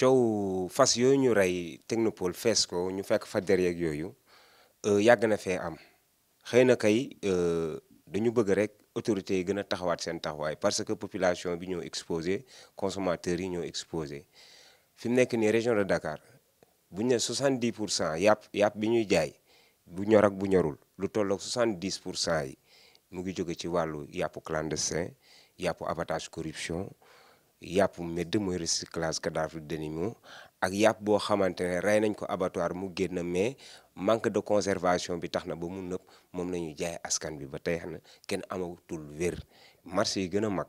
cow fas yooyu ñu rey technopole fees ko ñu fekk fa der yeeg yooyu euh, yàgg na fee am xëy na kay euh, dañu bëgg rek autorités yi gën a taxawaat seen taxawaay parce que population bi ñoo exposé consommateurs yi ñoo exposé fi mu nekk nii région de Dakar bu ñu ne 70 pour cent yàpp yàpp bi ñuy jaay bu ñor ak bu ñorul lu tolloog 70 pour cent yi mu ngi jóge ci wàllu yàpp clandestin yàppu abattage corruption yàpp medd mooy recyclage cadavre d'animaux ak yàpp boo xamante ne rey nañ ko abattoir mu génn mais manque de conservation bi tax na ba mu nëpp moom la ñu jaay askan bi ba tey na kenn amatul wér marché yi gën a mag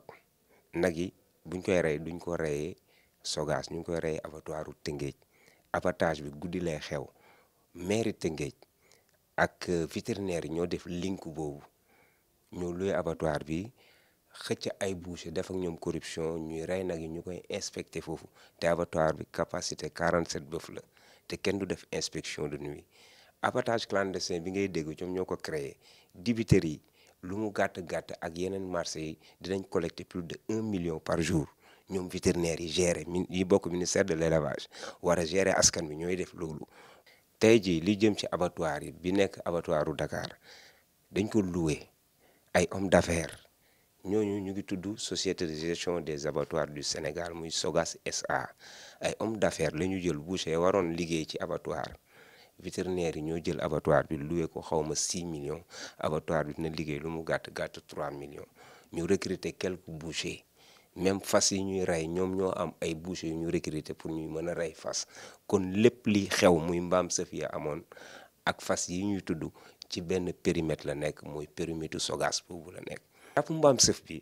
nag yi buñ koy rey duñ ko reyee sogaas ñu ngi koy reyee abattoiru Tëngéej abattage bi guddi lay xew mairie Tëngéej ak euh, vétérinaire yi ñoo def link boobu ñoo luye abattoir bi xëcc ay boucher def ak ñoom corruption ñuy rey nag yi ñu koy inspecté foofu te abattoir bi capacité 47 bëf la te kenn du def inspection de nuit abattage clandestin bi ngay dégg ñoom ñoo ko créé dibiteri yi lu mu gàtt gàtt ak yeneen marché yi dinañ collecter plus de un million par jour ñoom vétérinaires yi gérer mi yi bokk ministère de l' élevage war a gérer askan bi ñooy def loolu. tey jii li jëm ci abattoir yi bi nekk abattoiru Dakar dañ ko loué ay hommes d' affaires ñooñu ñu ngi tudd société de gestion des abattoirs du Sénégal muy SOGAS SA ay homme d'affaires la ñu jël boucher waroon liggéey ci abattoir vétérinaire yi ñoo jël abattoir bi loué ko xawma 6 millions abattoir bi dina liggéey lu mu gàtt gàtt 3 millions ñu recrité quelques bouchers même fas yi ñuy rey ñoom ñoo am ay bouchers yu ñu recrité pour ñuy mën a rey fas kon lépp li xew muy mbaam sëf ya amoon ak fas yi ñuy tudd ci benn périmètre la nekk muy périmètre SOGAS boobu la nekk jàpp mbaam sëf bi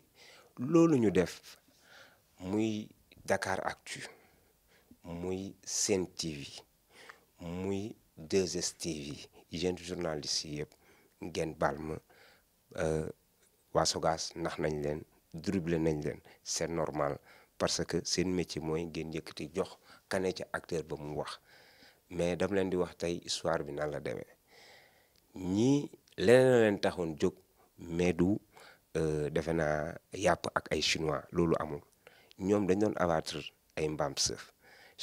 loolu ñu def muy dakaar actu muy seen TV muy 2STV yéen journaliste yi yëpp ngeen baal ma euh, waa Sogas ndax nañ leen dribble nañ leen c'est normal parce que seen métier mooy ngeen yëkkati jox kane ci acteur ba mu wax mais dam leen di wax tey histoire bi nan la demee ñii leneen leen taxoon jóg mais Euh, defe naa yàpp ak ay chinois loolu amul ñoom dañ doon abattre ay mbaam sëf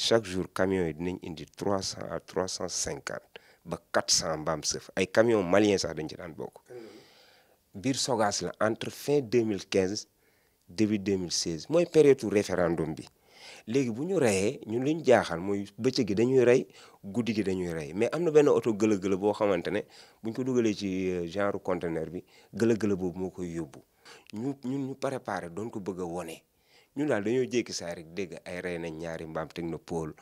chaque jour camion yi dinañ indi trois cent à trois cent cinquante ba quatre cent mbaam sëf ay camion maliens sax dañ ci daan bokk. biir Sogas la entre fin deux mille deux début 2016 mooy période référendum bi. léegi bu ñu reyee ñun li ñu jaaxal mooy bëccëg gi dañuy rey guddi gi dañuy rey mais am na benn oto gëlë-gëlë boo xamante ne bu ñu ko dugalee ci euh, genre conteneur bi gëlë-gëlë boobu moo koy yóbbu ñu ñun ñu préparé doon ko bëgg a wone ñu daal dañoo jékki saa rek dégg ay rey na ñaari mbaam technopole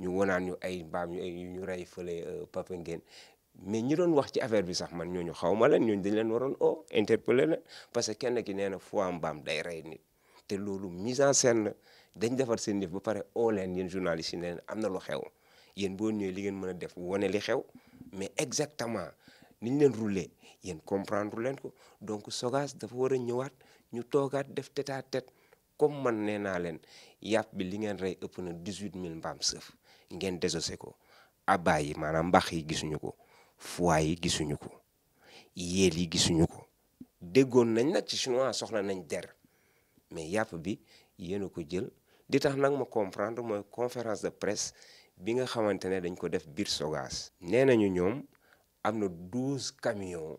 ñu wanaan ñu ay mbaam ñu ay ñu rey fële euh, Papengeen mais ñu doon wax ci affaire bi sax man ñu xaw ma leen ñooñu dañ leen waroon o oh, interpellé leen parce que kenn ki nee na fois mbaam day rey nit te loolu mise en scène la dañ defar seen yëf ba pare oleen leen yéen journalistes ne leen am na lu xew yéen boo ñëwee li ngeen mën a def wane li xew mais exactement ni leen rouler yéen comprendre leen ko donc Sogas dafa war a ñëwaat ñu toogaat def tetaat à comme man nee naa leen yàpp bi li ngeen rey ëpp na 18000 mbaam sëf ngeen désossé ko abaa yi maanaam mbax yi gisuñu ko foie yi gisuñu ko yéel yi gisuñu ko déggoon nañ nag ci chinois soxla nañ der mais yàpp bi yéen a ko jël di tax nag ma comprendre mooy conférence de presse bi nga xamante ne dañ ko def biir Sogas. nee nañu ñoom am na douze camions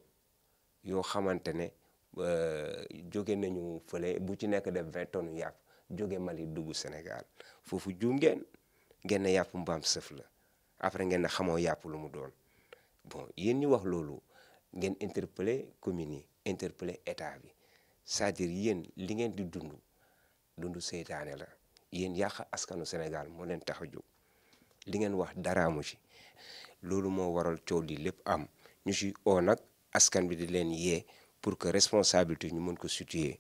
yoo xamante ne euh, jóge nañu fële bu ci nekk def vingt tonnes yàpp jóge Mali dugg Sénégal foofu juum ngeen ngeen ne yàpp mbaam sëf la après ngeen ne xamoo yàpp lu mu doon bon yéen ñu wax loolu ngeen interpeller communes yi interpeller état bi cest dire yéen li ngeen di dund. dundu seytaane la yéen yàq askanu Sénégal moo leen tax a jóg li ngeen wax daraamu ci loolu moo waral coow li lépp am ñu ci oo nag askan bi di leen yee pour que responsabilité ñu mën ko situer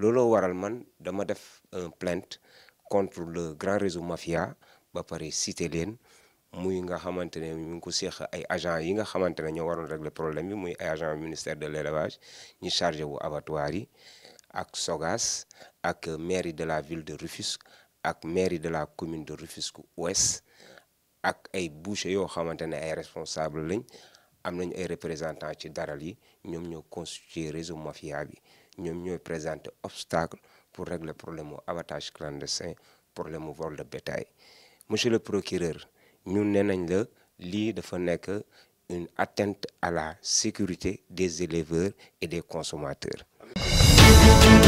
looloo waral man dama def un plainte contre le grand réseau mafia ba pare cité leen muy nga xamante ne mu ngi ko seex ay agent yi nga xamante ne ñoo waroon régler problème bi muy ay agent ministère de l'élevage ñu chargé wu abattoir yi ak Sogas ak mairie de la ville de Rufisque ak mairie de la commune de Rufisque Ouest ak ay boucher yoo xamante ne ay responsable lañ am nañu ay représentants ci dara yi ñoom ñoo constituer réseau mafia bi ñoom ñooy présenter obstacle pour régler problème mu abattage clandestin problème mu vol de bétail monsieur le procureur ñun nee nañ la lii dafa nekk une atteinte à la sécurité des éleveurs et des consommateurs Thank you.